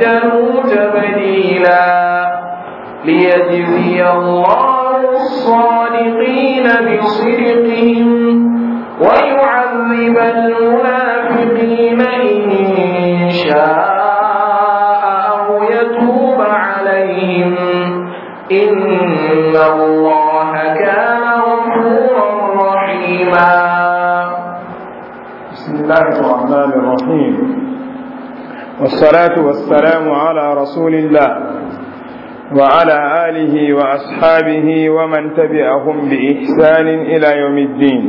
بدلوا تبديلا ليجزي الله الصادقين بصدقهم ويعذب المنافقين إن شاء أو يتوب عليهم إن الله كان غفورا رحيما بسم الله الرحمن الرحيم والصلاة والسلام على رسول الله وعلى آله وأصحابه ومن تبعهم بإحسان إلى يوم الدين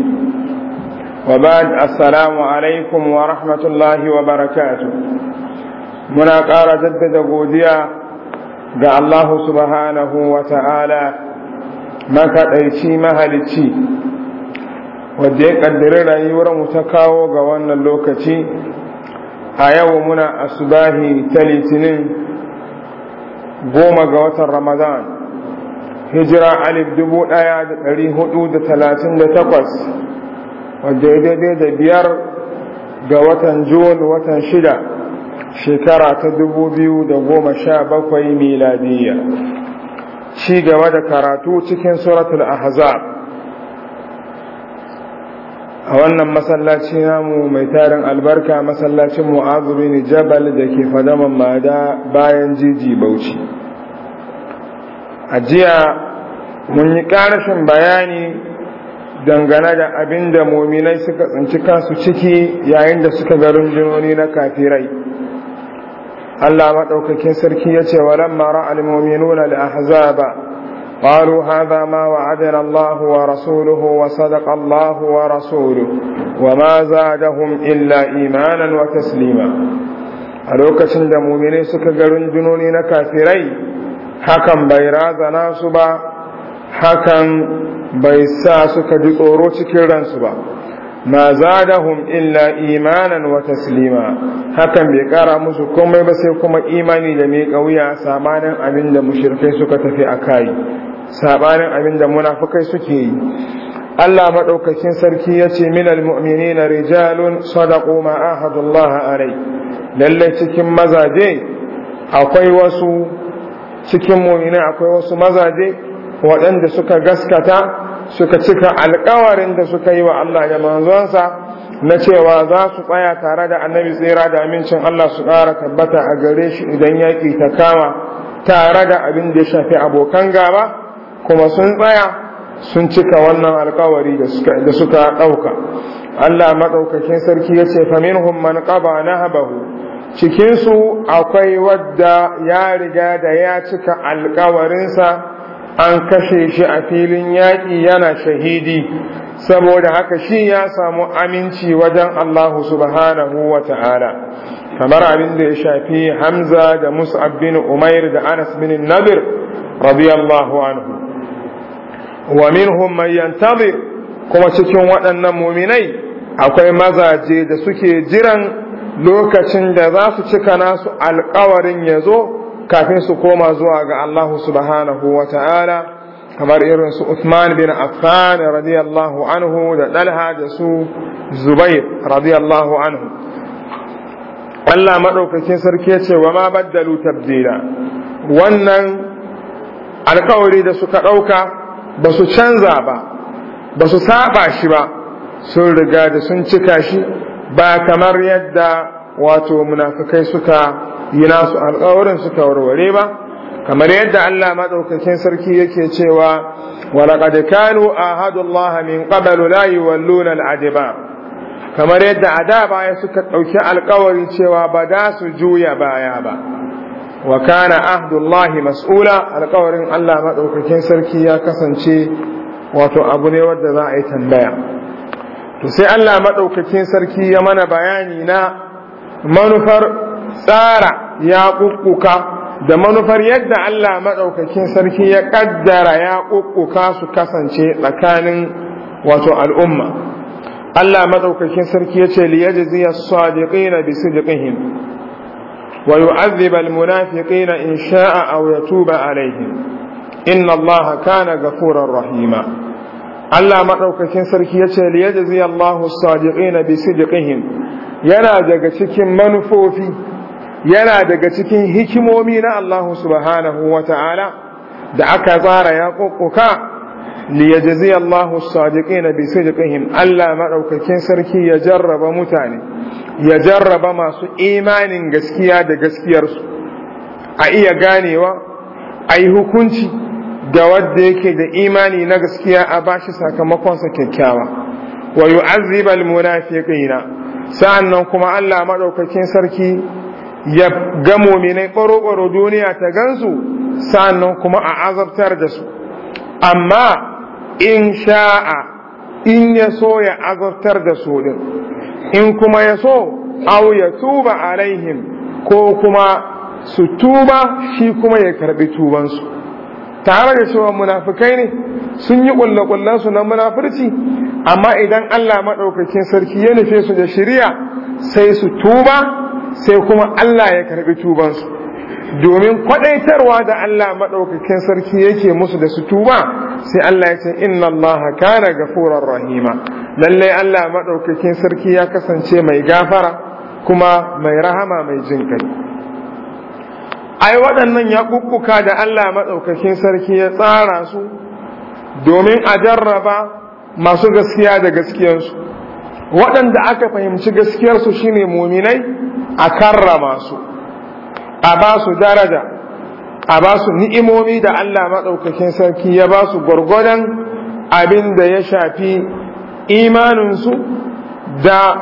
وبعد السلام عليكم ورحمة الله وبركاته منا قال جدد قوديا دع الله سبحانه وتعالى ما كتعيشي مهلتي wadda ya kaddare rayuwar mu ta kawo ga wannan lokaci a yau muna asubahi ta litinin goma ga watan ramadan hijira alif dubu daya da dari hudu da talatin da takwas wadda ya daidai da biyar ga watan jun watan shida shekara ta dubu biyu da goma sha bakwai miladiyya ci gaba da karatu cikin suratul ahzab a wannan masallaci namu mai tarin albarka masallacin mu'azu bin jabal da ke fadaman mada bayan jiji bauchi a jiya mun yi karashin bayani dangane da abin da mominai suka tsinci kansu ciki yayin da suka ga rundunoni na kafirai Allah maɗaukakin sarki ya ce wa lamma ra'al mu'minuna al-ahzaba قالوا هذا ما وعدنا الله ورسوله وصدق الله ورسوله وما زادهم إلا إيمانا وتسليما ألوك سند مؤمنين سكغرون جنوني نكافرين حكم بيراز ناسبا حكم بيساسك بيسا سكجد أوروتك سبا. ma zadahum illa imanan wata silima. hakan bai ƙara musu komai ba sai kuma imani da mai kauya sabanin abin da mushrikai suka tafi akai sabanin abin da munafikai suke yi Allah madaukakin sarki yace minal mu'minina rijalun sadaqu ma ahadullahi alai lalle cikin mazaje akwai wasu cikin mu'mina akwai wasu mazaje waɗanda suka gaskata suka cika alkawarin da suka yi wa Allah da manzonsa na cewa za su tsaya tare da annabi tsira da amincin Allah su ƙara tabbata a gare shi idan yaƙi ta kama tare da abin da ya shafi abokan gaba kuma sun tsaya sun cika wannan alkawari da suka ɗauka Allah maɗaukakin sarki ya ce faminhum man na habahu, cikinsu akwai wadda ya riga da ya cika alkawarinsa an kashe shi a filin yaƙi yana shahidi saboda haka shi ya samu aminci wajen Allah subhanahu wa ta'ala kamar abin da ya shafi hamza da mus'ab bin umair da anas bin nabir radiyallahu anhu wa minhum man yantazir kuma cikin waɗannan muminai akwai mazaje da suke jiran lokacin da za su cika nasu alƙawarin ya zo kafin su koma zuwa ga Allah subhanahu wa ta'ala kamar irin su Uthman bin Affan radiyallahu anhu da Dalha da su Zubair radiyallahu anhu Allah maɗaukakin sarki ce wa ma baddalu tabdila wannan alkawari da suka ɗauka ba su canza ba ba su saba shi ba sun riga da sun cika shi ba kamar yadda wato munafukai suka yi nasu alkawarin suka warware ba kamar yadda Allah madaukakin sarki yake cewa walaqad kanu ahadullahi min qablu la yuwalluna al'adba kamar yadda ada baya suka dauki alkawarin cewa ba da su juya baya ba wa kana ahdullahi mas'ula alkawarin Allah madaukakin sarki ya kasance wato abu ne wanda za a yi tambaya to sai Allah madaukakin sarki ya mana bayani na manufar tsara ya ƙuƙuka da manufar yadda Allah maɗaukakin sarki ya ƙaddara ya ƙuƙuka su kasance tsakanin wato al'umma. Allah maɗaukakin sarki ya ce liyajziya sadiqina bi sidqihim wa yu'adhib al na in sha'a aw yatuba alaihim inna Allah kana ghafurar rahima Allah maɗaukakin sarki ya ce liyajziya Allahu sadiqina bi sidqihim yana daga cikin manufofi yana daga cikin hikimomi na Allah subhanahu wa ta'ala da aka tsara ya ƙoƙoƙa liyajazi Allah sadiƙi na bisu jiƙihim Allah maɗaukakin sarki ya jarraba mutane ya jarraba masu imanin gaskiya da gaskiyarsu a iya ganewa a yi hukunci da wadda yake da imani na gaskiya a bashi sakamakonsa kyakkyawa wa yu'azzibal munafiqina sa'annan kuma Allah maɗaukakin sarki ya ga muminai ɓaro-ɓaro duniya ta gansu sannan kuma a azabtar da su amma in sha'a in ya so ya azabtar da su din in kuma ya so au ya tuba alaihim ko kuma su tuba shi kuma ya karɓi tubansu tare da cewa munafukai ne sun yi ƙulle-ƙullensu na munafurci amma idan Allah maɗaukakin sarki ya nufe su da shirya sai su tuba sai kuma Allah ya karbi tubansu domin kwadaitarwa da Allah madaukakin sarki yake musu da su tuba sai Allah ya ce inna Allah kana gafurar rahima Lallai Allah madaukakin sarki ya kasance mai gafara kuma mai rahama mai jin kai ai waɗannan ya kukkuka da Allah madaukakin sarki ya tsara su domin a jarraba masu gaskiya da gaskiyarsu waɗanda aka fahimci gaskiyarsu shine muminai a karrama su a ba su daraja a ba su ni'imomi da Allah maɗaukakin sarki ya ba su gwargwadon abin da ya shafi imaninsu da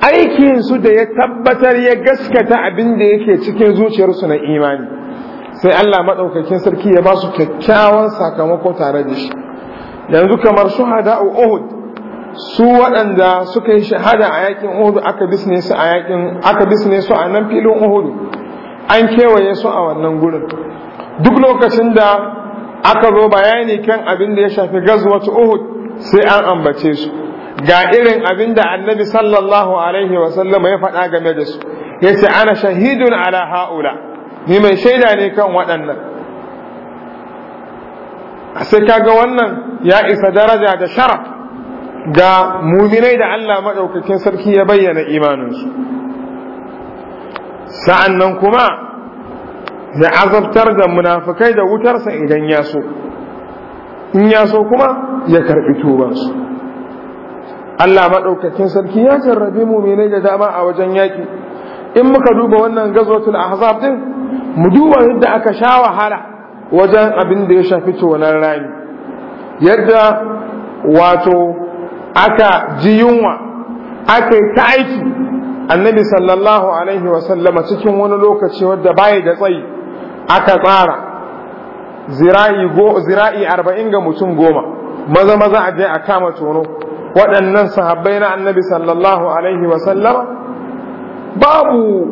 aikinsu da ya tabbatar ya gaskata abin da yake cikin zuciyarsu na imani sai Allah maɗaukakin sarki ya ba su kyakkyawan sakamako tare da shi yanzu kamar shuhada Uhud su waɗanda suka yi shahada a yakin Uhudu aka bisne su a yakin aka bisne su a nan filin Uhudu? an kewaye su a wannan gurin duk lokacin da aka zo bayani kan abin da ya shafi gazwatu Uhud sai an ambace su ga irin abin da Annabi sallallahu alaihi wa sallam ya faɗa game da su ya yace ana shahidun ala haula ni mai shaida ne kan waɗannan sai kaga wannan ya isa daraja da sharaf ga muminai da Allah maɗaukakin sarki ya bayyana imaninsu sa'an nan kuma ya azabtar da munafukai da wutarsa idan ya so in ya so kuma ya karɓi tubansu Allah maɗaukakin sarki ya jarrabe muminai da dama a wajen yaƙi in muka duba wannan gazwatul ahzab din mu duba yadda aka sha wahala wajen abin da ya shafi tonar rani yadda wato aka ji yunwa aka yi ta aiki annabi sallallahu alaihi wasallama cikin wani lokaci wadda baya da tsayi aka tsara zira'i arba'in ga mutum goma maza maza a je a kama tono waɗannan sahabbai na annabi sallallahu alaihi wasallama babu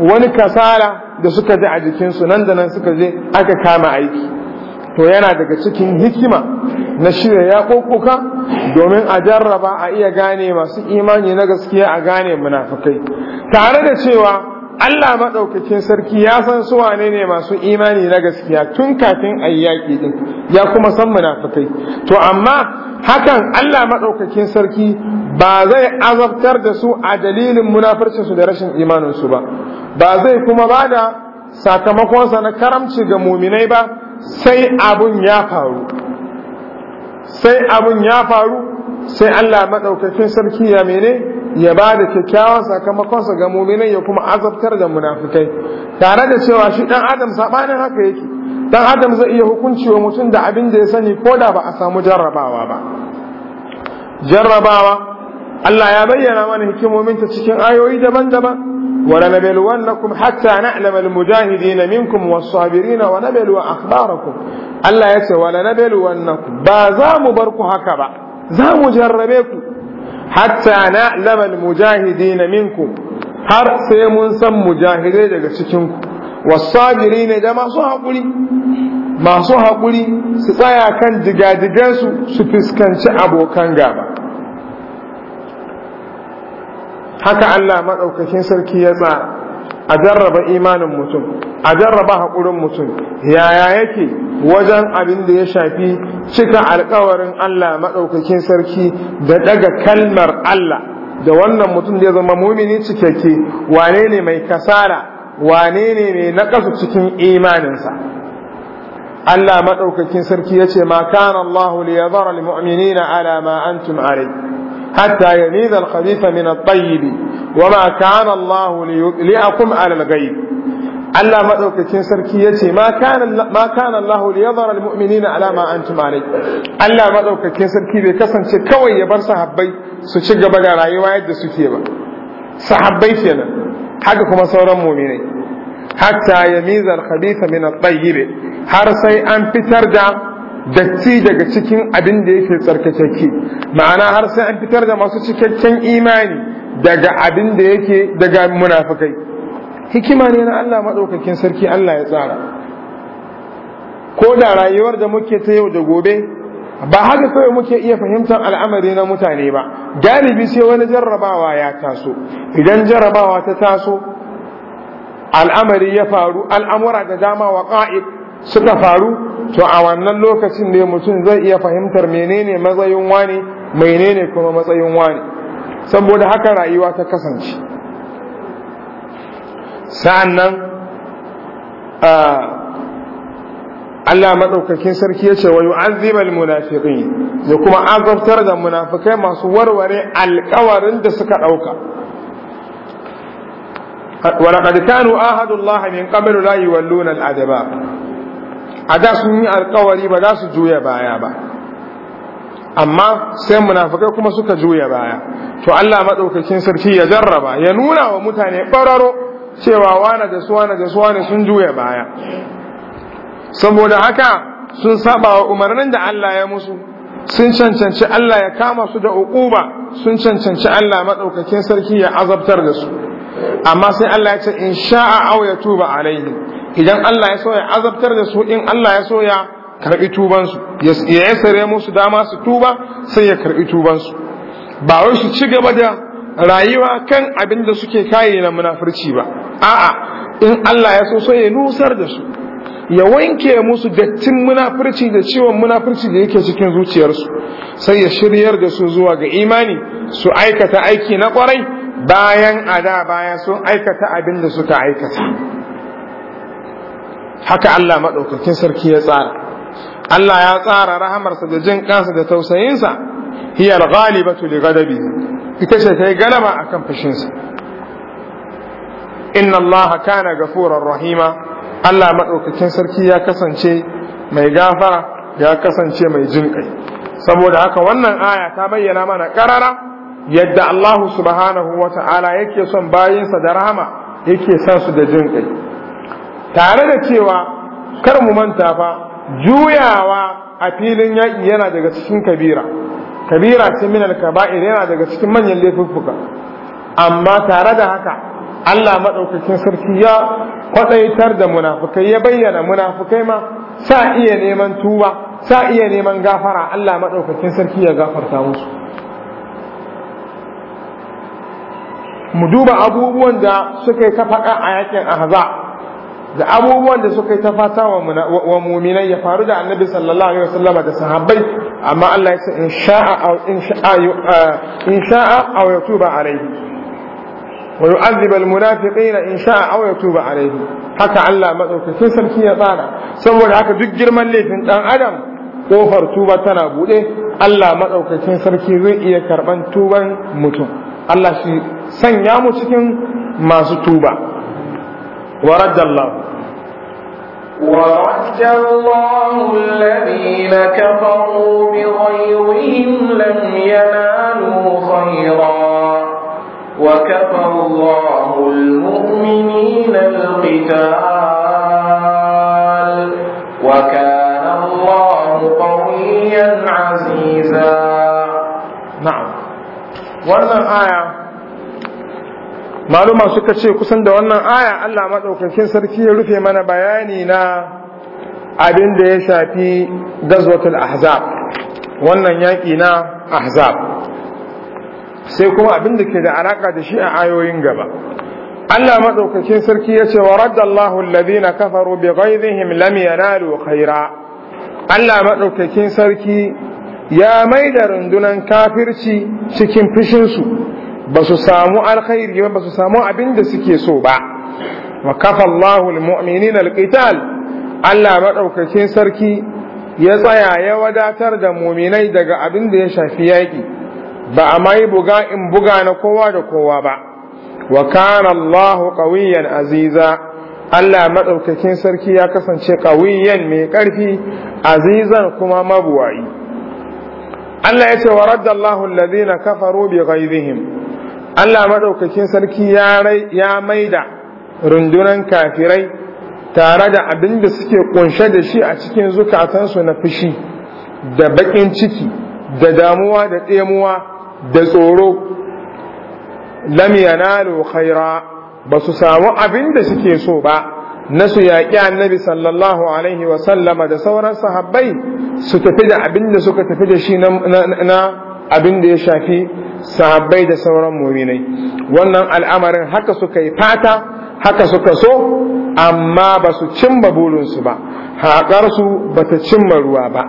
wani kasala da suka ji a jikinsu nan da nan suka je aka kama aiki to yana daga cikin hikima na shirya kokoka domin a jarraba a iya gane masu imani na gaskiya a gane munafukai tare da cewa Allah maɗaukakin sarki ya san su wane ne masu imani na gaskiya tun kafin a yi yaƙi ɗin ya kuma san munafukai to amma hakan Allah maɗaukakin sarki ba zai azabtar da su a dalilin su da rashin imaninsu ba ba zai kuma ba da sakamakonsa na karamci ga muminai ba sai abun ya faru sai abun ya faru sai Allah madaukakin sarki ya mene ya ba da kyakkyawan sakamakonsa ga muminai ya kuma azabtar da munafikai tare da cewa shi ɗan adam saɓanin haka yake dan adam zai iya hukunci wa mutum da abin da ya sani ko da ba a samu jarrabawa ba jarrabawa Allah ya bayyana mana hikimomin ta cikin ayoyi daban-daban ولنبلونكم حتى نعلم المجاهدين منكم والصابرين ونبلو أخباركم الله يسي ولنبلونكم بازام بركو هكذا زام جربيكم حتى نعلم المجاهدين منكم har sai mun san mujahidai daga cikinku wasabiri ne da masu haƙuri masu haƙuri su tsaya kan jigajigansu su fuskanci abokan gaba haka Allah maɗaukakin sarki ya tsara a jarraba imanin mutum a jarraba haƙurin mutum yaya yake wajen abin da ya shafi cika alkawarin Allah maɗaukakin sarki da ɗaga kalmar Allah da wannan mutum da ya zama mumini cikakke wane ne mai kasala wane ne mai naƙasu cikin imaninsa Allah maɗaukakin sarki ya ce ma kana Allah liyadhara lil mu'minina ala ma antum حتى يميز الخبيث من الطيب وما كان الله ليطلعكم على الغيب Allah maɗaukakin sarki ya ce, Ma kana Allah li ya alama an tumanai. Allah maɗaukakin sarki bai kasance kawai ya bar sahabbai su ci gaba da rayuwa yadda suke ba. Sahabai kenan, haka kuma sauran muminai. Hatta ya miza al har sai an fitar da datti daga cikin abin da yake tsarkakeke ma'ana har sai an fitar da masu cikakken imani daga abin da yake daga munafikai hikima ne na Allah madaukakin sarki Allah ya tsara ko da rayuwar da muke ta yau da gobe ba haka kawai muke iya fahimtar al'amari na mutane ba galibi sai wani jarrabawa ya taso idan jarrabawa ta taso al'amari ya faru al'amura da dama wa ƙa'id suka faru to a wannan lokacin ne mutum zai iya fahimtar menene matsayin wani menene kuma matsayin wani saboda haka rayuwa ta kasance sa'an nan Allah maɗaukakin sarki ya ce wa yu'azzibal munafiqin ya kuma azabtar da munafikai masu warware alƙawarin da suka ɗauka ولقد كانوا آهدوا الله من قبل لا يولون الأدبار a da sun yi alkawari ba za su juya baya ba amma sai munafikai kuma suka juya baya to Allah madaukakin sarki ya jarraba ya nuna wa mutane bararo cewa wane da su wane da su wane sun juya baya saboda haka sun saba wa umarnin da Allah ya musu sun cancanci Allah ya kama su da uquba sun cancanci Allah madaukakin sarki ya azabtar da su amma sai Allah ya ce in sha'a aw yatuba alaihim idan Allah ya so ya azabtar da su in Allah ya so ya karbi tubansu ya yasare musu dama su tuba sai ya karbi tubansu ba wai su ci gaba da rayuwa kan abin da suke kayi na munafurci ba a'a in Allah ya so so ya nusar da su ya wanke musu dattin munafurci da ciwon munafurci da yake cikin zuciyarsu sai ya shiryar da su zuwa ga imani su aikata aiki na kwarai bayan ada bayan sun aikata abin da suka aikata haka Allah maɗaukakin sarki ya tsara Allah ya tsara rahamarsa da jin kansa da tausayinsa hiya ghalibatu li ghadabi ita ce ta yi galaba akan fashinsa. inna Allah kana gafurar rahima Allah maɗaukakin sarki ya kasance mai gafa, ya kasance mai jin kai saboda haka wannan aya ta bayyana mana ƙarara, yadda Allah subhanahu wata'ala yake son bayinsa da rahama yake sansu su da jin kai tare da cewa kar mu manta fa juyawa a filin yaƙi yana daga cikin kabira kabira ce min alkaba'ir yana daga cikin manyan laifuffuka amma tare da haka Allah maɗaukakin sarki ya kwaɗaitar da munafukai ya bayyana munafukai ma sa iya neman tuba sa iya neman gafara Allah maɗaukakin sarki ya gafarta musu mu duba abubuwan da suka yi kafaɗa a yakin ahza da abubuwan da suka yi ta fata wa muminai ya faru da annabi sallallahu alaihi wasallam da sahabbai amma Allah ya ce in sha'a aw in sha'a uh, in sha'a aw yatuba alaihi wa yu'adhib al in sha'a aw yatuba alaihi haka Allah madaukakin sarki ya tsara saboda haka duk girman laifin dan adam kofar tuba tana bude Allah madaukakin sarki zai iya karban tuban mutum Allah shi sanya mu cikin masu tuba ورد الله ورد الله الذين كفروا بغيرهم لم ينالوا خيرا وكفى الله المؤمنين القتال وكان الله قويا عزيزا نعم ورد الايه maluma suka ce kusan da wannan aya Allah maɗaukakin sarki ya rufe mana bayani na abin da ya shafi gazwatul ahzab wannan yaƙi na ahzab sai kuma abin da ke da alaƙa da shi a ayoyin gaba Allah maɗaukakin sarki ya ce wa raddallahu alladhina kafaru bi ghaizihim lam yanalu khaira Allah maɗaukakin sarki ya maida rundunan kafirci cikin fushinsu. ba su samu alkhairi ba ba su samu abin da suke so ba wa kafa Allahu almu'minin alqital Allah maɗaukakin sarki ya tsaya ya wadatar da muminai daga abin da ya shafi yaki ba a mai buga in buga na kowa da kowa ba wa kana Allahu aziza Allah madaukakin sarki ya kasance qawiyan mai ƙarfi azizan kuma mabuwayi Allah ya ce wa radda Allahu alladhina kafaru bi ghaizihim Allah madaukakin sarki ya maida rundunan kafirai tare da abin da suke kunshe da shi a cikin zukatansu na fushi da bakin ciki da damuwa da tsemuwa da tsoro lam yanalu khaira ba su samu abin da suke so ba na su yaƙi annabi sallallahu alaihi sallama, da sauran sahabbai su tafi da abin da suka tafi da shi na abin da ya shafi sahabbai da sauran muminai wannan al'amarin haka suka yi fata haka suka so amma ba su cimma burinsu ba haƙarsu ba ta cimma ruwa ba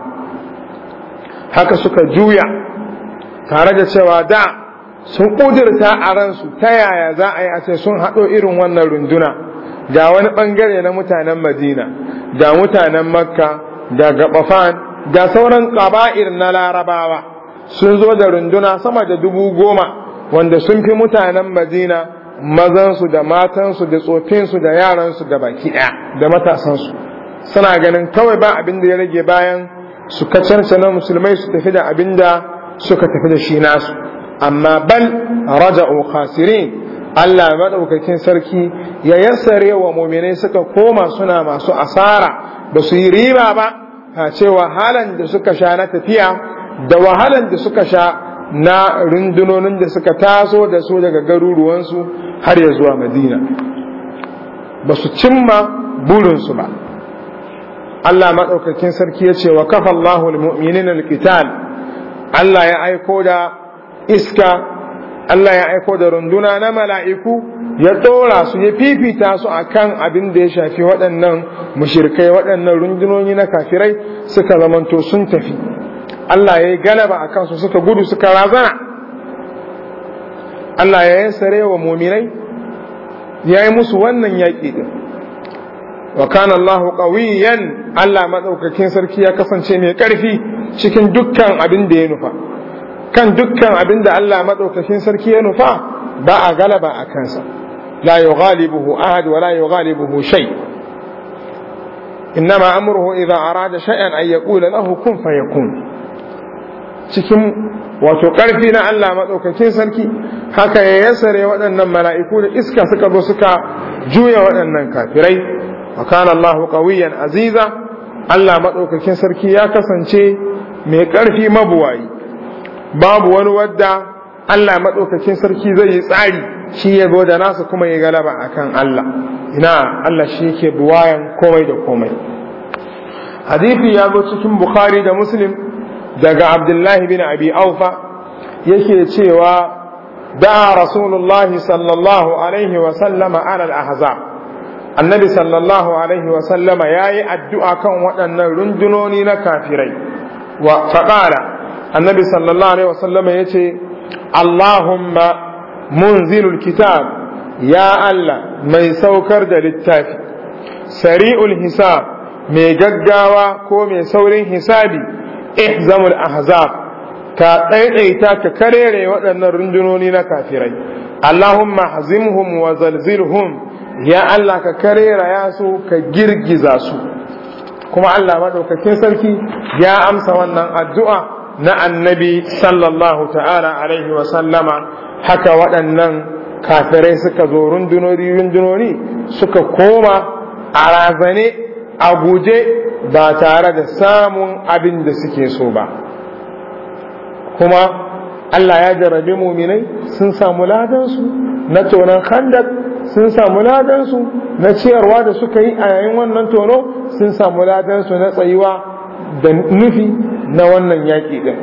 haka suka juya tare da cewa da sun ƙudurta a ransu ta yaya za a yi a ce sun haɗo irin wannan runduna ga wani ɓangare na mutanen madina da mutanen makka da gaɓafan da sauran ƙaba'ir na larabawa sun zo da runduna sama da dubu goma wanda sun fi mutanen madina mazansu da matansu da tsofinsu da yaransu da baki ɗaya da matasansu suna ganin kawai ba abin da ya rage bayan su kacarce na musulmai su tafi da abin da suka tafi da shi nasu amma bal raja khasirin Allah maɗaukakin sarki ya yassare wa muminai suka koma suna masu asara ba su yi riba ba a cewa halan da suka sha na tafiya da wahalan da suka sha na rundunonin da suka taso da su daga garuruwansu har ya zuwa madina ba su cimma burinsu ba Allah maɗaukakin sarki ya ce wa kafa Allahul mu'minin alƙital Allah ya aiko da iska Allah ya aiko da runduna na mala'iku ya ɗora su ya fifita su a kan abin da ya shafi waɗannan mushirikai waɗannan rundunoni na kafirai suka zamanto sun tafi Allah ya yi galaba a kansu suka gudu suka razana Allah ya yansare wa muminai ya yi musu wannan yaƙi din wa kana Allah qawiyan Allah madaukakin sarki ya kasance mai ƙarfi cikin dukkan abin da ya nufa kan dukkan abin da Allah madaukakin sarki ya nufa ba a galaba a kansa la yughalibuhu ahad wa la yughalibuhu shay' إنما أمره إذا أراد شيئا أن يقول له كن فيكون cikin wato ƙarfi na Allah maɗaukakin sarki haka ya yasare waɗannan mala'iku da iska suka zo suka juya waɗannan kafirai wa kana Allah aziza Allah maɗaukakin sarki ya kasance mai ƙarfi mabuwayi babu wani wadda Allah maɗaukakin sarki zai yi tsari shi ya zo da nasa kuma ya galaba a kan Allah ina Allah shi yake buwayan komai da komai Hadithi ya zo cikin Bukhari da Muslim daga abdullahi bin abi aufa yake cewa da rasulullahi sallallahu alaihi wa sallama ahzab annabi sallallahu alaihi wa sallama yayi addu'a kan waɗannan rundunoni na kafirai wa faƙara annabi sallallahu alaihi wa sallama yace allahumma munzilul kitab ya allah mai saukar da littafi sari'ul hisab mai gaggawa ko mai saurin hisabi ihzamul ahzab ka ɗaiɗaita ka karere waɗannan rundunoni na kafirai Allahumma hazimhum wa zalzilhum ya Allah ka karera ya su ka girgiza su kuma Allah maɗaukakin sarki ya amsa wannan addu'a na annabi sallallahu ta'ala alaihi wa sallama haka waɗannan kafirai suka zo rundunoni rundunoni suka koma a razane a guje ba tare da samun abin da suke so ba kuma Allah ya jarabe muminai sun samu ladansu na tonon handak sun samu ladansu na ciyarwa da suka yi a yayin wannan tono sun samu ladansu na tsayuwa da nufi na wannan yaƙi ɗin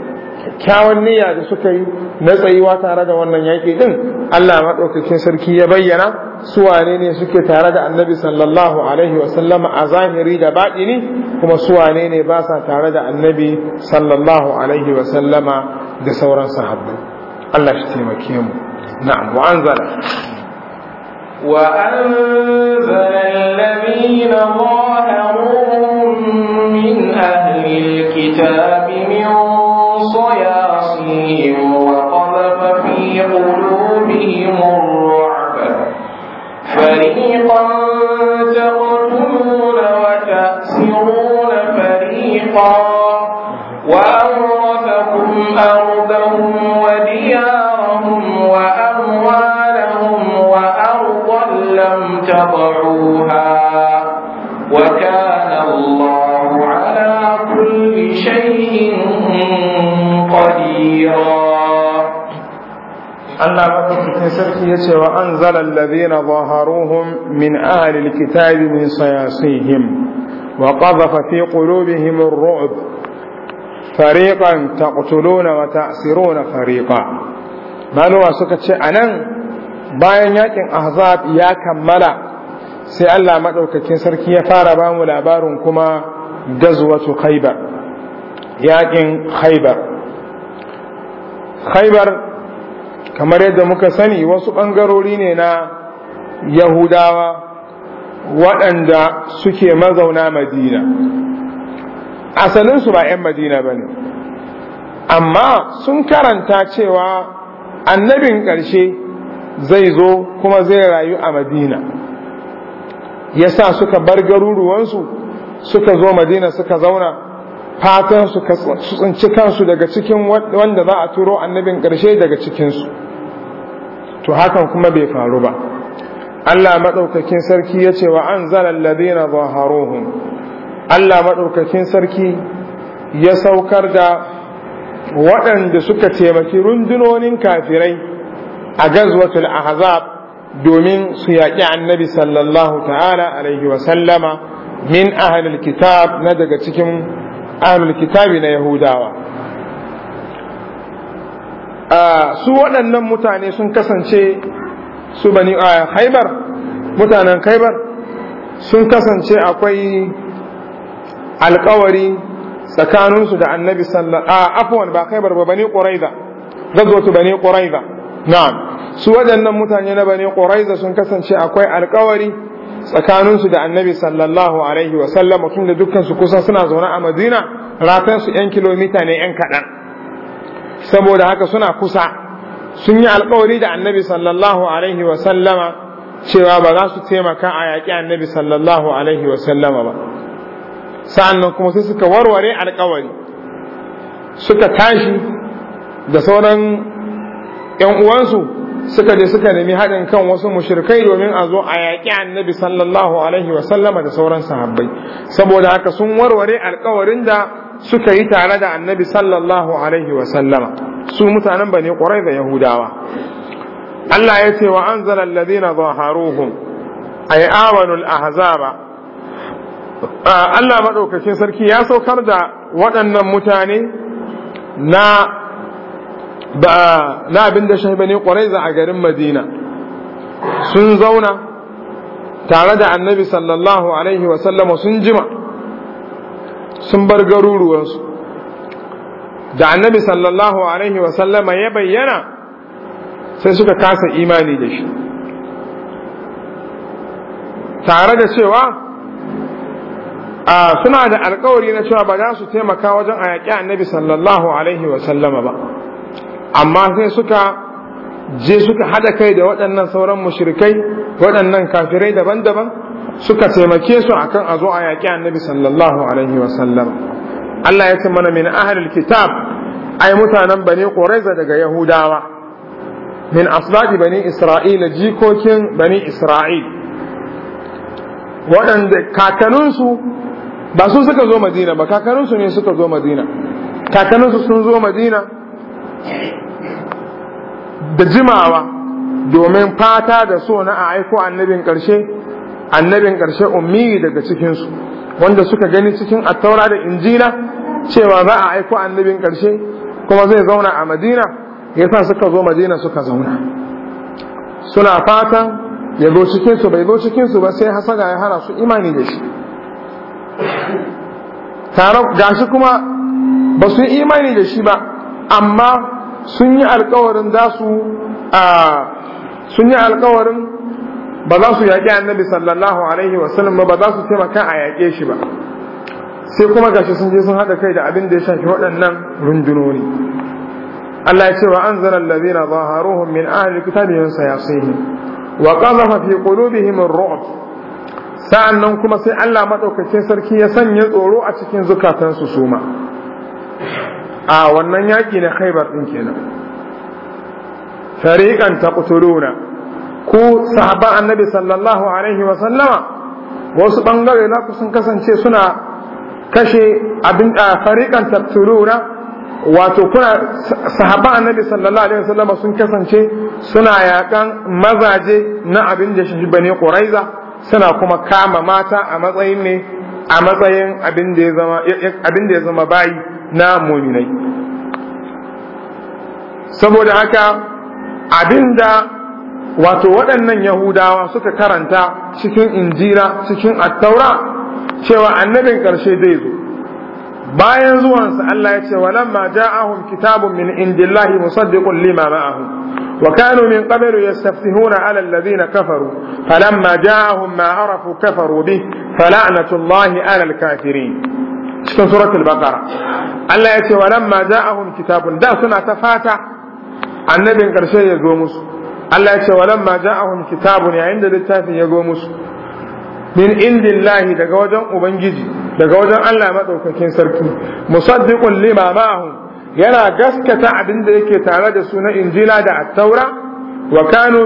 kyakkyawan niyya da suka yi na tsayuwa tare da wannan yaƙi din Allah maɗaukakin sarki ya bayyana su wane ne suke tare da annabi sallallahu alaihi wa sallama a zahiri da baɗini kuma su wane ne ba sa tare da annabi sallallahu alaihi wa sallama da sauran sahabbai Allah shi taimake mu na'am wa anzala وأنزل الذين ظاهرهم من أهل الكتاب sarki ya ce wa an zalar lazina zaharuhun min ahalil kitabi min sayasihim wa qadhafa fi qulubihim ar-ru'b fariqan taqtuluna wa ta'siruna fariqa malama suka ce anan bayan yakin ahzab ya kammala sai Allah madaukakin sarki ya fara ba mu labarin kuma gazwatu khaybar yakin khaybar khaybar kamar yadda muka sani wasu ɓangarori ne na yahudawa waɗanda suke mazauna madina asalinsu ba 'yan madina ba ne amma sun karanta cewa annabin ƙarshe zai zo kuma zai rayu a madina sa suka bar garuruwansu suka zo madina suka zauna fatan su tsinci kansu daga cikin wanda za a turo annabin ƙarshe daga cikinsu to hakan kuma bai faru ba Allah madaukakin sarki ya ce wa anzala alladhina zaharuhum Allah madaukakin sarki ya saukar da waɗanda suka taimaki rundunonin kafirai a gazwatul ahzab domin su yaƙi annabi sallallahu ta'ala alaihi wa sallama min ahlul kitab na daga cikin ahlul kitabi na yahudawa su waɗannan mutane sun kasance su bani a haibar mutanen haibar sun kasance akwai alkawari tsakaninsu da annabi sallallahu a afwan ba haibar ba bani ƙuraiza, gazotu bani quraiza na'am su waɗannan mutane na bani ƙuraiza sun kasance akwai alkawari tsakaninsu da annabi sallallahu alaihi wa sallam tun da dukkan su kusan suna zaune a madina ratan su yan kilomita ne yan kaɗan saboda haka suna kusa sun yi alkawari da annabi sallallahu alaihi wa sallama cewa ba za su taimaka a yaƙi annabi sallallahu alaihi wa sallama ba sa'annan kuma sai suka warware alkawari suka tashi da sauran ‘yan uwansu suka je suka nemi haɗin kan wasu mushrikai domin a zo a yaƙi annabi sallallahu alaihi wa sallama da sauran sahabbai saboda haka sun warware alkawarin da suka yi tare da annabi sallallahu alaihi wa sallama su mutanen bane kwarai da yahudawa Allah ya ce wa anzala alladhina zaharuhum ay awanul ahzaba Allah maɗaukacin sarki ya saukar da waɗannan mutane na ba abin da shahi bane ƙwarai a garin Madina sun zauna tare da annabi sallallahu alaihi wa sallama sun jima sun bar garuruwansu da annabi sallallahu alaihi wasallama ya bayyana sai suka kasa imani da shi tare da cewa suna da alkawari na cewa ba za su taimaka wajen a yaƙi annabi sallallahu alaihi wasallama ba amma sai suka je suka haɗa kai da waɗannan sauran mushrikai waɗannan kafirai daban-daban suka taimake su akan a zo a yaƙi annabi sallallahu alaihi wa sallam. Allah ya ce mana min ahlil kitab ai mutanen bani quraiza daga yahudawa min asbati bani isra'ila jikokin bani isra'il waɗanda kakanninsu ba su suka zo madina ba kakanninsu ne suka zo madina kakanninsu sun zo madina da jimawa domin fata da so na a aiko annabin ƙarshe annabin ƙarshe ummi daga cikinsu wanda suka gani cikin attaura da injina cewa za a aiko annabin ƙarshe kuma zai zauna a madina ya sa suka zo madina suka zauna suna fata ya zo cikinsu bai zo cikinsu ba sai hasaga ya hana su imani da shi tare gashi kuma ba su yi imani da shi ba amma sun yi alkawarin za su a sun yi alkawarin ba za su yaƙi annabi sallallahu alaihi wasallam ba ba za su taimaka a yaƙe shi ba sai kuma gashi sun je sun haɗa kai da abin da ya shafi waɗannan rundunoni Allah ya ce wa anzala allazina zaharuhum min ahli kitabi min sayasihim wa qazafa fi qulubihim ar-ru'b sa'annan kuma sai Allah madaukakin sarki ya sanya tsoro a cikin zukatansu suma a wannan yaki na khaibar din kenan fariqan taqtuluna ku sahaba annabi sallallahu alaihi wa sallama wasu bangare na ku sun kasance suna kashe abin a fariqan taqtuluna wato kuna sahaba annabi sallallahu alaihi wa sallama sun kasance suna yakan mazaje na abin da shi bane quraiza suna kuma kama mata a matsayin ne a matsayin abin da ya zama bayi na muminai saboda haka abinda wato waɗannan yahudawa suka karanta cikin injira cikin attaura cewa annabin ƙarshe zai zo bayan zuwansa Allah ya ce walamma ja'ahum kitabun min indillahi musaddiqun lima ma'ahum wa kanu min qablu yastafihuna 'ala alladhina kafaru falamma ja'ahum ma arafu kafaru bi fala'natullahi 'ala alal kafiri. cikin suratul baqara Allah ya ce walamma ja'ahum kitabun da suna ta fata annabin karshe ya zo musu Allah ya ce walamma ja'ahum kitabun yayin da littafin ya zo musu min indillahi daga wajen ubangiji daga wajen Allah madaukakin sarki musaddiqun lima ma'ahum yana gaskata abin da yake tare da su na injila da Attaura. taura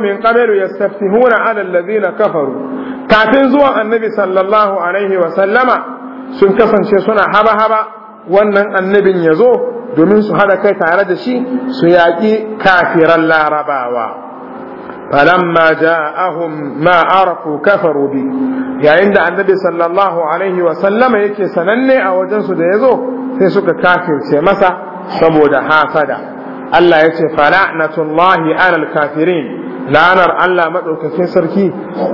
min من قبل يستفتحون على الذين كفروا Kafin zuwa annabi sallallahu alaihi wa sallama. sun kasance suna haba-haba wannan annabin ya zo domin su hada kai tare da shi su yaƙi kafiran larabawa falamma ja'ahum ma arafu kafaru bi yayin da annabi sallallahu alaihi wa sallama yake sananne a wajen su da zo, sai suka kafirce masa saboda hasada Allah yace fala'natullahi alal kafirin la'anar Allah madaukakin sarki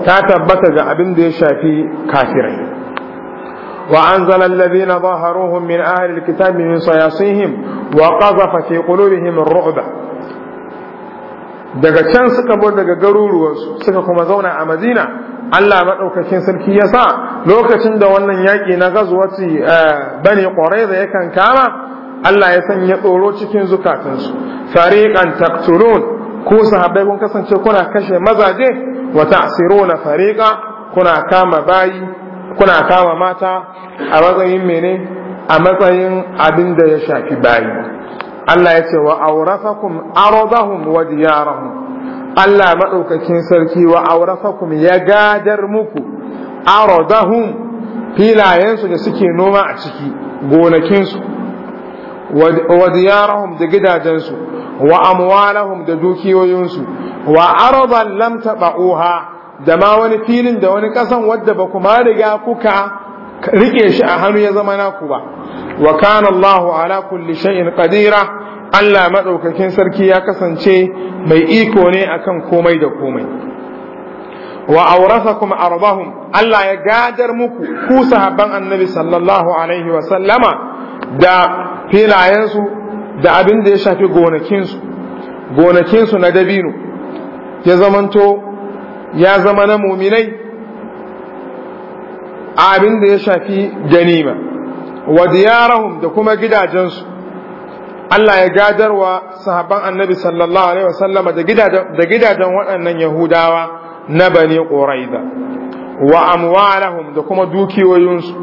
ta tabbata ga abin da ya shafi kafirai وأنزل الذين ظاهروهم من أهل الكتاب من صياصيهم وقذف في قلوبهم الرعب daga can suka bar daga garuruwansu suka kuma zauna a madina allah maɗaukakin sarki ya sa lokacin da wannan yaƙi na gazuwaci eh, bane ƙwarai da yakan kama allah ya sanya tsoro cikin zukatansu fariƙan taktulun Ko sahabbai kun kasance kuna kashe mazaje wa ta'siruna fariƙa kuna kama bayi kuna kama mata a matsayin mene a matsayin abin da ya shafi bayi Allah ya ce wa aurafakum arzahum wa diyarahum Allah madaukakin sarki wa aurafakum ya gadar muku arzahum filayensu da suke noma a ciki gonakinsu wa diyarahum da gidajensu wa amwalahum da dukiyoyinsu wa arzan lam taba'uha da ma wani filin da wani kasan wadda ba kuma riga kuka rike shi a hannu ya zama naku ba wa kana Allah ala kulli shay'in qadira Allah madaukakin sarki ya kasance mai iko ne akan komai da komai wa awrasakum arbahum Allah ya gadar muku ku sahabban annabi sallallahu alaihi wa sallama da filayensu da abin da ya shafi gonakinsu gonakinsu na dabino ya zamanto ya zama na muminai abin da ya shafi ganima wa diyarahum da kuma gidajensu Allah ya gadarwa sahabban annabi sallallahu alaihi wasallama da gidajen waɗannan yahudawa na bani ƙoraida wa amwalahum da kuma dukiyoyinsu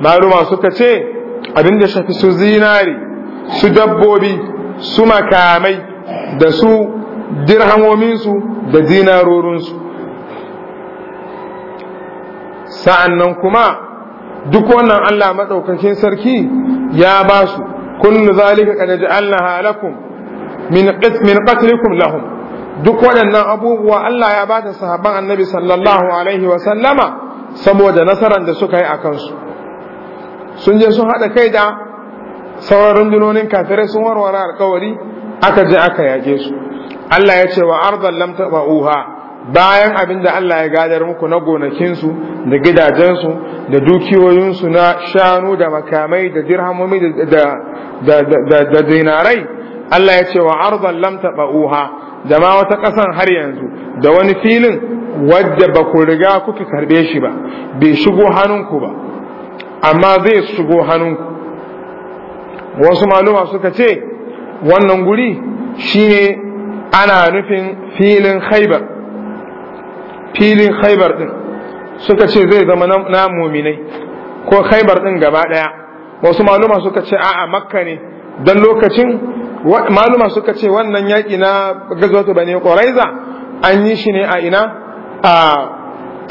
maluma suka ce abin da shafi su zinari su dabbobi su makamai da su dirhamominsu da dinarorinsu sa'an nan kuma duk wannan Allah maɗaukakin sarki ya ba su kullu zalika qad ja'alnaha lakum min qismin qatlikum lahum duk waɗannan abubuwa Allah ya ba ta sahaban annabi sallallahu alaihi wa sallama saboda nasarar da suka yi a kansu sun je sun haɗa kai da sauran rundunonin kafirai sun warware alkawari aka je aka yaƙe su Allah ya ce wa ardan lam tabauha bayan abin da Allah ya gadar muku na gonakinsu da gidajensu da dukiyoyinsu na shanu da makamai da dirhamomi da dinarai Allah ya ce wa ardan lam tabauha da ma wata kasan har yanzu da wani filin wadda ba ku riga kuka karbe shi ba bai shigo hannunku ba amma zai shigo hannunku wasu maluma suka ce wannan guri shine ana nufin filin khaibar filin khaibar din suka ce zai zama na muminai ko khaibar din gaba daya wasu maluma suka ce a'a makka ne don lokacin maluma suka ce wannan yaƙi na gazwatu bane quraiza an yi shi ne a ina a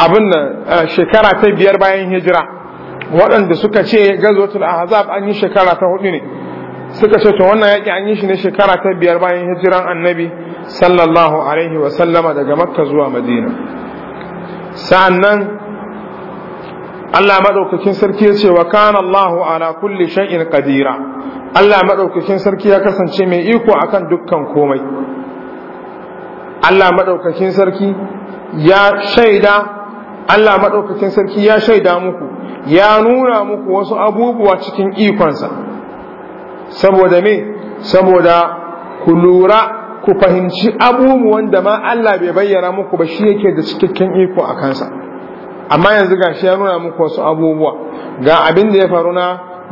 abin da shekara ta biyar bayan hijira waɗanda suka ce gazwatul ahzab an yi shekara ta hudu ne suka ce to wannan yaƙi an yi shi ne shekara ta biyar bayan hijiran annabi sallallahu alaihi wa sallama daga makka zuwa madina sa'annan Allah maɗaukakin sarki ya ce wa kana Allahu ala kulli shay'in qadira Allah maɗaukakin sarki ya kasance mai iko akan dukkan komai Allah maɗaukakin sarki ya shaida Allah sarki ya shaida muku ya nuna muku wasu abubuwa cikin ikonsa saboda me saboda ku lura ku fahimci abubuwan da ma Allah bai bayyana muku ba shi yake da cikakken iko a kansa amma yanzu ga shi ya nuna muku wasu abubuwa ga abin da ya faru na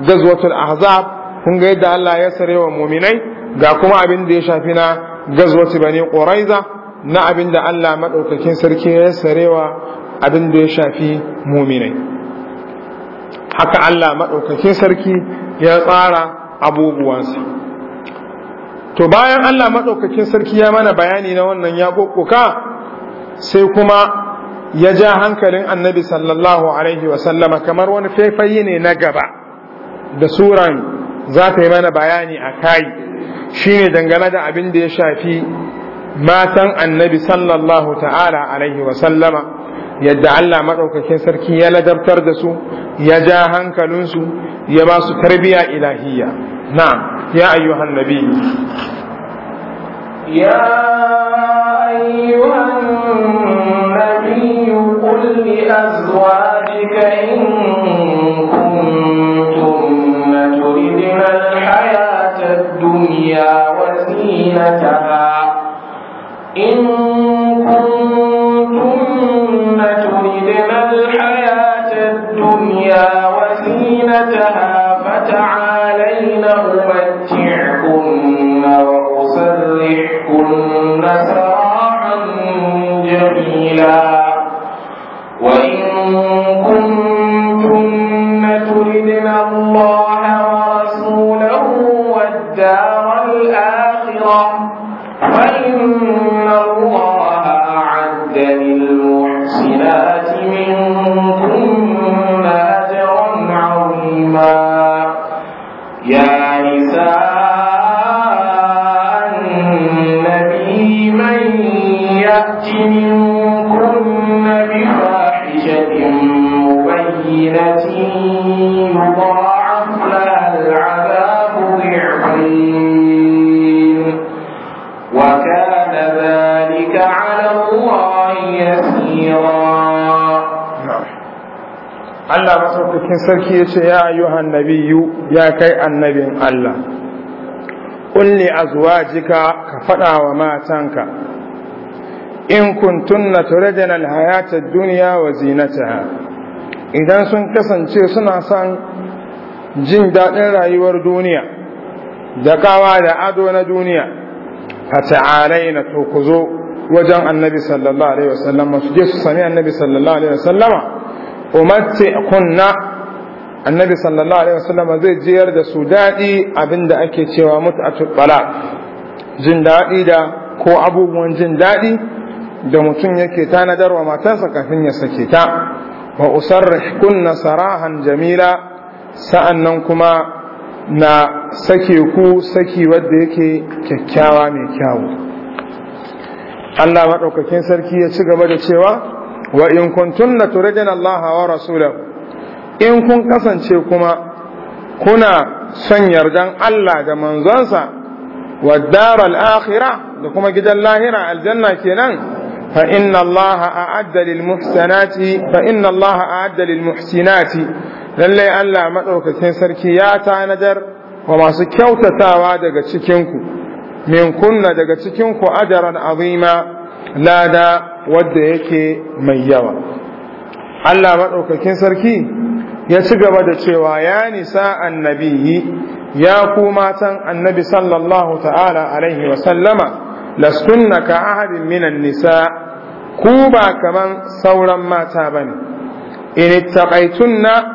gazwatul ahzab kun ga yadda Allah ya sarewa muminai ga kuma abin da ya shafi na gazwatu bani quraiza na abin da Allah madaukakin sarki ya sarewa abin da ya shafi muminai haka Allah madaukakin sarki ya tsara abubuwansa to bayan Allah maɗaukakin sarki ya mana bayani na wannan ya ƙoƙoƙa, sai kuma ya ja hankalin annabi sallallahu alaihi wasallama kamar wani faifayi ne na gaba da suran za ta yi mana bayani a kai shine dangane da abin da ya shafi matan annabi sallallahu ta'ala alaihi wasallama yadda Allah maɗaukakin sarki ya ladabtar da su ya ja hankalinsu ya ba su tarbiyya ilahiyya na'am يا أيها النبي يا أيها النبي قل لأزواجك إن كنتم تردن الحياة الدنيا وزينتها إن كنتم تردن الحياة الدنيا وزينتها madaukakin sarki ya ce ya ayyuhan nabiyyu ya kai annabin Allah kulli jika ka faɗa wa matanka in kuntunna turidna alhayata ad duniya wa zinataha idan sun kasance suna son jin daɗin rayuwar duniya da kawa da ado na duniya fata'alaina to ku zo wajen annabi sallallahu alaihi wasallam su je su sami annabi sallallahu alaihi wasallama umatti'kunna annabi sallallahu alaihi wasallam zai jiyar da su daɗi abinda ake cewa mutu bala jin daɗi da ko abubuwan jin daɗi da mutum yake tanadarwa matarsa kafin ya sake ta wa usarrih kunna sarahan jamila nan kuma na sake ku saki wadda yake kyakkyawa mai kyawu Allah maɗaukakin sarki ya ci gaba da cewa wa in kuntunna turidin Allah wa rasulahu in kun kasance kuma kuna son yardan Allah da manzonsa wa daral akhirah da kuma gidan lahira aljanna kenan fa inna Allah a'adda lil muhsanati fa inna Allah a'adda lil muhsinati lalle Allah madaukakin sarki ya tanadar wa masu kyautatawa daga cikin ku min kunna daga cikin ku ajran azima lada wanda yake mai yawa Allah madaukakin sarki ya ci gaba da cewa ya nisa annabi ya ku matan annabi sallallahu ta'ala alaihi wa sallama lastunna ka ahadin minan nisa ku ba kaman sauran mata bane in ittaqaitunna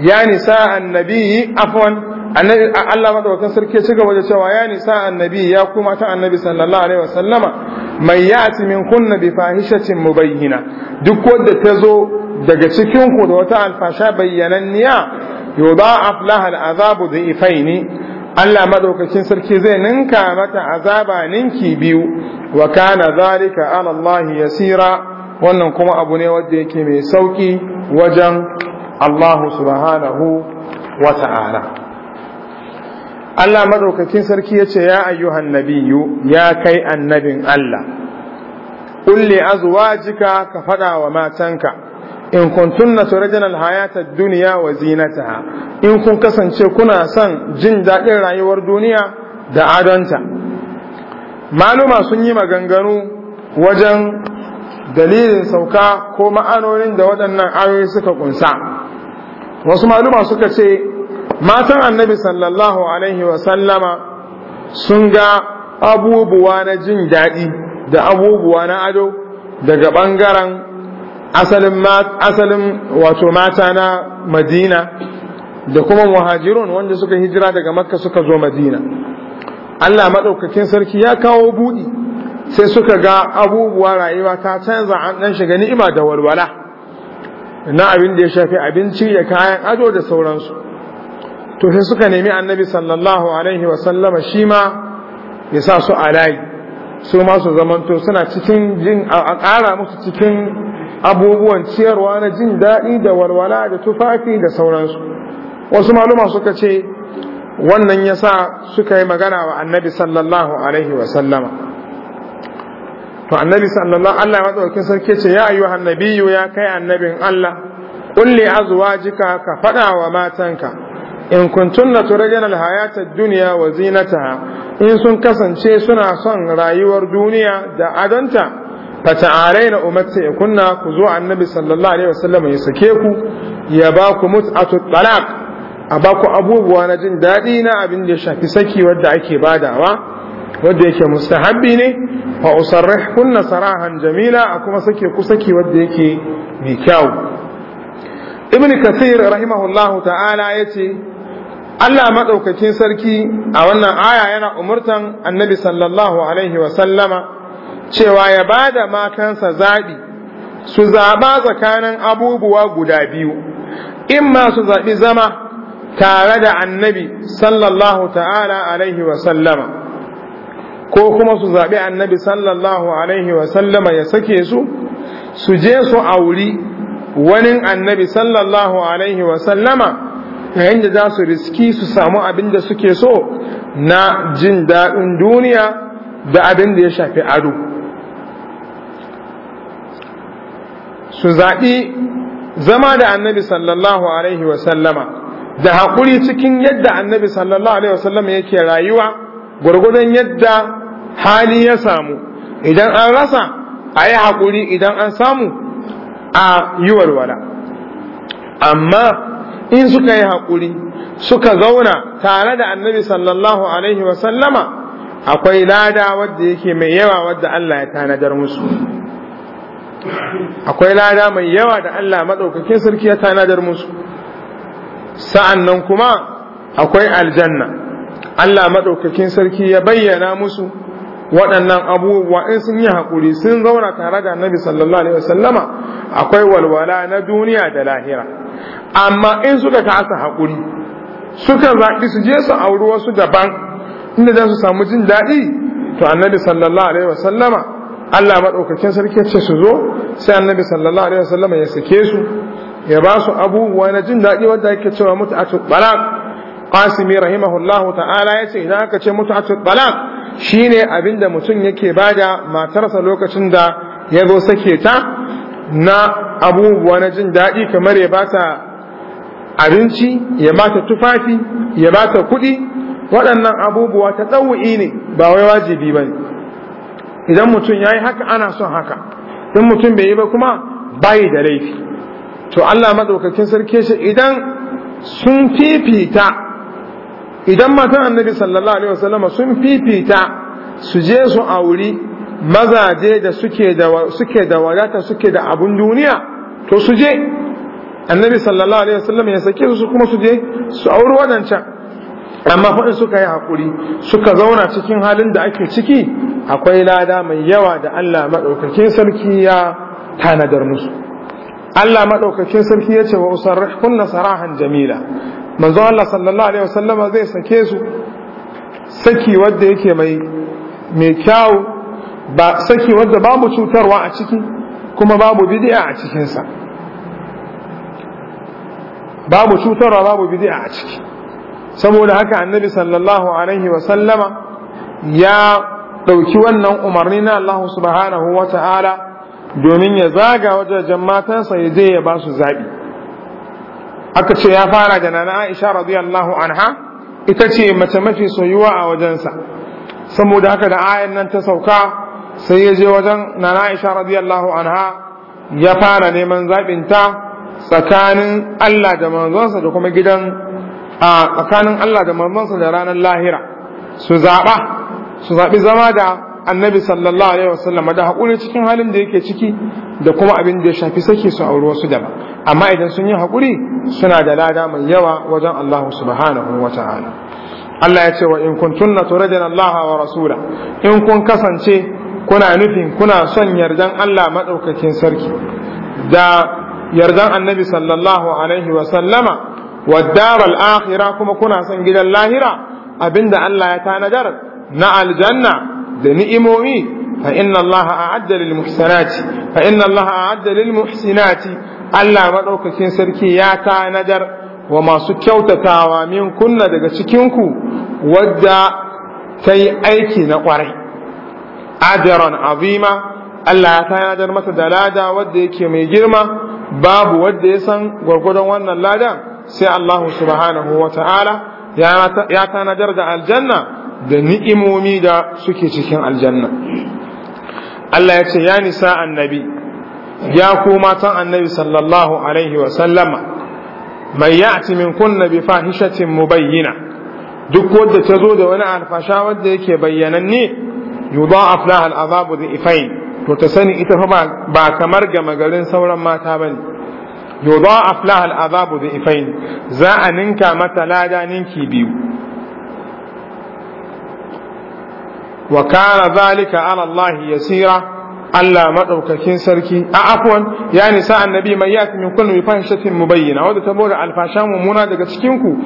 ya nisa annabi afwan annabi Allah madaukakin sarki ya gaba da cewa ya nisa annabi ya kuma ta annabi sallallahu alaihi wasallama mai yati min kunna bi fahishatin mubayyina duk wanda ta zo daga cikin ku da wata alfasha bayyananniya yudha'af laha al'azabu dhifaini Allah madaukakin sarki zai ninka mata azaba ninki biyu wa kana zalika ala Allah yasira wannan kuma abu ne wanda yake mai sauki wajen Allah subhanahu wa ta'ala Allah madaukakin sarki ce ya ayyuhan nabiyyu ya kai annabin Allah azuwa jika ka faɗa wa matanka in kuntunna turajnal hayata duniya wa zinataha in kun kasance kuna son jin daɗin rayuwar duniya da adonta maluma sun yi maganganu wajen dalilin sauka ko ma'anonin da waɗannan ayoyi suka kunsa wasu maluma suka ce matan annabi sallallahu alaihi wasallama sun ga abubuwa na jin daɗi da abubuwa na ado daga ɓangaren asalin wato mata na madina da kuma muhajirun wanda suka hijira daga makka suka zo madina allah maɗaukakin sarki ya kawo buɗi sai suka ga abubuwa rayuwa ta canza an ɗan shiga ni'ima da walwala na abin da ya shafi abinci da kayan ado da sauransu to sai suka nemi annabi sallallahu alaihi wasallama shi ma ya sa su a layi su ma su zamanto suna cikin jin a ƙara musu cikin abubuwan ciyarwa na jin daɗi da walwala da tufafi da sauransu wasu maluma suka ce wannan ya sa suka yi magana wa annabi sallallahu alaihi wasallama to annabi sallallahu alaihi wa sallam sarki ce ya ayyuhan annabiyyu ya kai annabin Allah kulli azwajika ka fada wa matanka in kuntunna turajana hayata ad-dunya wa zinataha in sun kasance suna son rayuwar duniya da adanta fata'alaina ya kunna ku zo annabi sallallahu alaihi wasallam ya sake ku ya ba ku mut'atu talaq a ba ku abubuwa na jin daɗi na abin da ya shafi saki wadda ake badawa Wadda yake mustahabbi ne fa usarrihkunna sarahan jamila a kuma sake ku saki wadda yake mai kyau ibn kathir rahimahullahu ta'ala yace Allah madaukakin sarki a wannan aya yana umurtan annabi sallallahu alaihi wa sallama cewa ya bada makansa zabi su zaba tsakanin abubuwa guda biyu in ma su zabi zama tare da annabi sallallahu ta'ala alaihi wa sallama ko kuma su zaɓi annabi sallallahu alaihi wasallama ya sake su su je su auri wani annabi sallallahu alaihi wasallama yayin da za su riski su samu abin da suke so na jin daɗin duniya da abin da ya shafi ado su zaɓi zama da annabi sallallahu alaihi wasallama da haƙuri cikin yadda annabi sallallahu alaihi wasallama yake rayuwa gwargwadon yadda hali ya samu idan an rasa a yi haƙuri idan an samu a yi walwala amma in suka yi haƙuri suka zauna tare da annabi sallallahu alaihi wasallama akwai lada wadda yake mai yawa wadda Allah ya tanadar musu akwai lada mai yawa da Allah maɗaukakin sarki ya tanadar musu sa'an nan kuma akwai aljanna Allah maɗaukakin sarki ya bayyana musu waɗannan abubuwa in sun yi haƙuri sun zauna tare da annabi sallallahu alaihi wasallama akwai walwala na duniya da lahira amma in suka kasa haƙuri suka zaɓi su je su auri wasu daban inda za su samu jin daɗi to annabi sallallahu alaihi wasallama Allah maɗaukakin sarki ce su zo sai annabi sallallahu alaihi wasallama ya sake su ya ba su abubuwa na jin daɗi wanda yake cewa mutu a qasimi rahimahullahu ta'ala yace idan aka ce mutu'atu talaq shine abinda mutum yake bada matarsa lokacin da ya zo sake ta na abubuwa na jin daɗi kamar ya bata abinci ya bata tufafi ya bata kuɗi waɗannan abubuwa ta ɗau'i ne ba wai wajibi ba ne idan mutum ya yi haka ana son haka in mutum bai yi ba kuma bayi da laifi to Allah maɗaukakin sarki shi idan sun fifita idan matan annabi sallallahu alaihi wasallam sun fifita su je su auri mazaje da suke da suke da wadata suke da abun duniya to su je annabi sallallahu alaihi wasallam ya sake su kuma su je su auri wadancan amma fa suka yi hakuri suka zauna cikin halin da ake ciki akwai lada mai yawa da Allah madaukakin sarki ya tanadar musu Allah madaukakin sarki ya ce wa usarrihunna sarahan jamila manzo Allah sallallahu alaihi wasallama zai sake su saki wanda yake mai mai kyau ba saki wanda babu cutarwa a ciki kuma babu bid'a a cikin sa babu cutarwa babu bid'a a ciki saboda haka annabi sallallahu alaihi wasallama ya dauki wannan umarni na Allah subhanahu wata'ala domin ya zaga wajen matansa ya je ya ba su zabi aka ce ya fara da nana Aisha radiyallahu anha ita ce mace mafi soyuwa a wajensa saboda haka da ayan nan ta sauka sai ya je wajen nana Aisha radiyallahu anha ya fara neman zaɓin ta tsakanin Allah da manzonsa da kuma gidan a tsakanin Allah da manzonsa da ranar lahira su zaɓa su zaɓi zama da annabi sallallahu alaihi wasallam da haƙuri cikin halin da yake ciki da kuma abin da ya shafi sake su auri wasu daban amma idan sun yi haƙuri suna da lada mai yawa wajen Allah subhanahu wa ta'ala Allah ya ce wa in kuntunna turajan Allah wa rasula in kun kasance kuna nufin kuna son yardan Allah madaukakin sarki da yardan annabi sallallahu alaihi wa sallama wa daral akhirah kuma kuna son gidan lahira abinda Allah ya tanadar na aljanna da ni'imomi fa inna Allah a'adda lil muhsinati fa inna Allah a'adda lil muhsinati Allah madaukakin sarki ya tanadar wa masu kyautatawa min kunna daga cikin ku wadda ta aiki na kwarai ajran azima Allah ya tanadar masa da lada wadda yake mai girma babu wadda ya san gwargwadon wannan ladan sai Allah subhanahu wa ta'ala ya tanadar da aljanna da ni'imomi da suke cikin aljanna Allah ya ce ya nisa annabi ya ku matan annabi sallallahu alaihi wa sallama mai ya'ti min kunna bi fahishatin bayyana duk wadda ta zo da wani alfasha wadda yake bayyananne yudha'af laha al'azabu dhifain to ta sani ita fa ba kamar gama garin sauran mata bane yudha'af laha da dhifain za a ninka mata lada ninki biyu wa kana zalika ala yasira Allah maɗaukakin sarki a afwan ya nisa annabi mai yati min kullu fahishatin mubayyana wadda ta bora alfasha mummuna daga cikin ku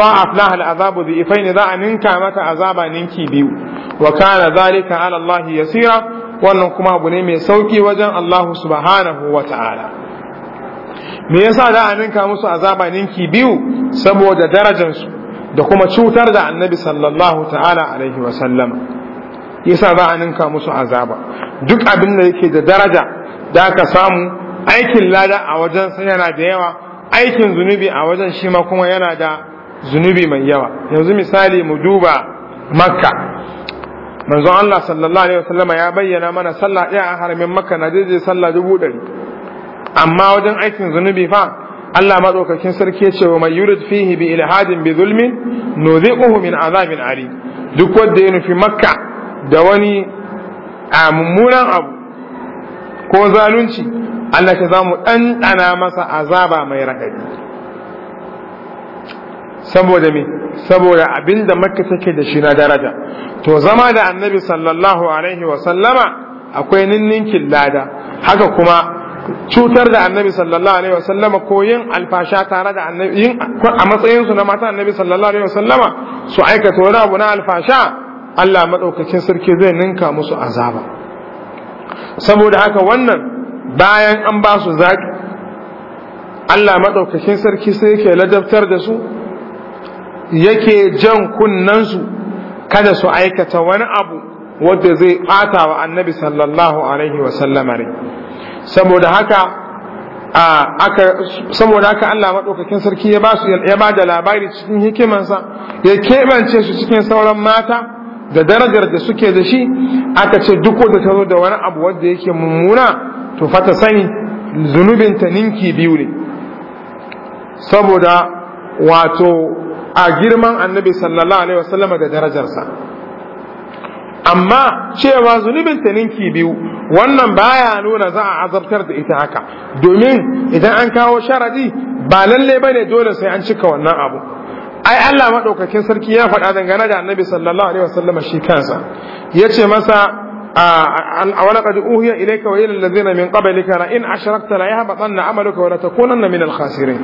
aflahal azabu da ifai ne, za a ninka mata azaba ninki biyu wa kana zalika ala Allah yasira wannan kuma abu ne mai sauki wajen Allah subhanahu wa ta'ala me yasa da a ninka musu azaba ninki biyu saboda darajarsu da kuma cutar da annabi sallallahu ta'ala alaihi wa sallama yasa za a ninka musu azaba duk abin da yake da daraja da aka samu aikin lada a wajen sa yana da yawa aikin zunubi a wajen shi ma kuma yana da zunubi mai yawa yanzu misali mu duba makka manzon Allah sallallahu alaihi wasallama ya bayyana mana sallah ɗaya a haramin makka na daidai sallah dubu ɗari amma wajen aikin zunubi fa Allah madaukakin sarki ya ce wa mai yurid fihi bi ilhadin bi zulmin nuziquhu min azabin ali duk wanda ya nufi makka da wani a mummunan abu ko zalunci Allah ta za mu ɗanɗana masa azaba mai raɗaɗi saboda me saboda da makka take da shi na daraja to zama da annabi sallallahu alaihi wa sallama akwai ninninkin lada haka kuma cutar da annabi sallallahu alaihi wasallama ko yin alfasha tare da annabi yin a matsayinsu na mata annabi sallallahu alaihi wasallama su aikata wani abu na alfasha Allah maɗaukakin sarki zai ninka musu azaba saboda haka wannan bayan an ba su zaƙi Allah maɗaukakin sarki sai yake ladabtar da su yake jan kunnansu kada su aikata wani abu wadda zai ɓata wa annabi sallallahu alaihi wasallama ne saboda haka aka saboda haka Allah maɗaukakin sarki ya ba da labari cikin hikimansa ya keɓance su cikin sauran mata da darajar da suke da shi aka ce duk wanda ta zo da wani abu wanda yake mummuna to fata sani zunubinta ninki biyu ne saboda wato a girman annabi sallallahu alaihi wasallam da darajarsa amma cewa zunubin ta ninki biyu wannan baya nuna za a azabtar da ita haka domin idan an kawo sharadi ba lalle bane dole sai an cika wannan abu ai Allah madaukakin sarki ya faɗa dangane da Annabi sallallahu alaihi wasallam shi kansa yace masa a wala qad uhiya ilayka wa ila alladhina min qablika la in ashrakta la yahbatanna amaluka wa la takunanna min al-khasirin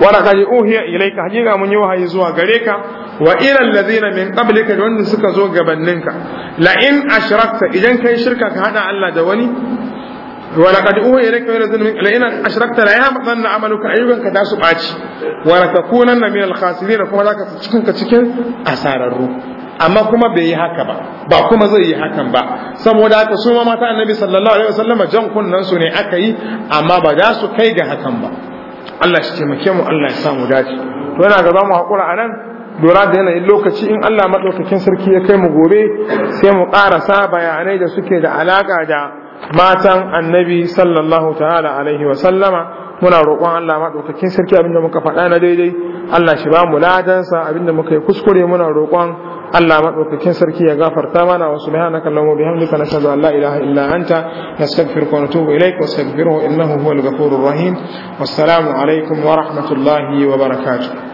wa la qad uhiya ilayka hajiga mun yi wahayi zuwa gare ka wa ila alladhina min qablika wanda suka zo gabaninka la in ashrakta idan kai shirka ka haɗa Allah da wani ولقد أوحي إليك وإلى ذنبك لئن أشركت ليحبطن عملك أيوبك دا su ɓaci ولتكونن من الخاسرين kuma za ka cikin ka cikin asararru amma kuma bai yi haka ba ba kuma zai yi hakan ba saboda haka su ma mata annabi sallallahu alaihi wasallam jan kunnan su ne aka yi amma ba za su kai ga hakan ba Allah shi taimake mu Allah ya samu dace to yana ga zamu hakura anan lura da yanayin lokaci in Allah madaukakin sarki ya kai mu gobe sai mu karasa bayanai da suke da alaka da matan annabi sallallahu ta'ala alaihi wa sallama muna roƙon Allah maɗaukakin sarki abinda muka faɗa na daidai Allah shi ba mu ladansa abinda muka yi kuskure muna roƙon Allah maɗaukakin sarki ya gafarta mana wa subhanaka allahumma bihamdika nashhadu an la ilaha illa anta nastaghfiruka wa natubu ilayk wa astaghfiruhu innahu huwal ghafurur rahim wassalamu alaikum wa rahmatullahi wa barakatuh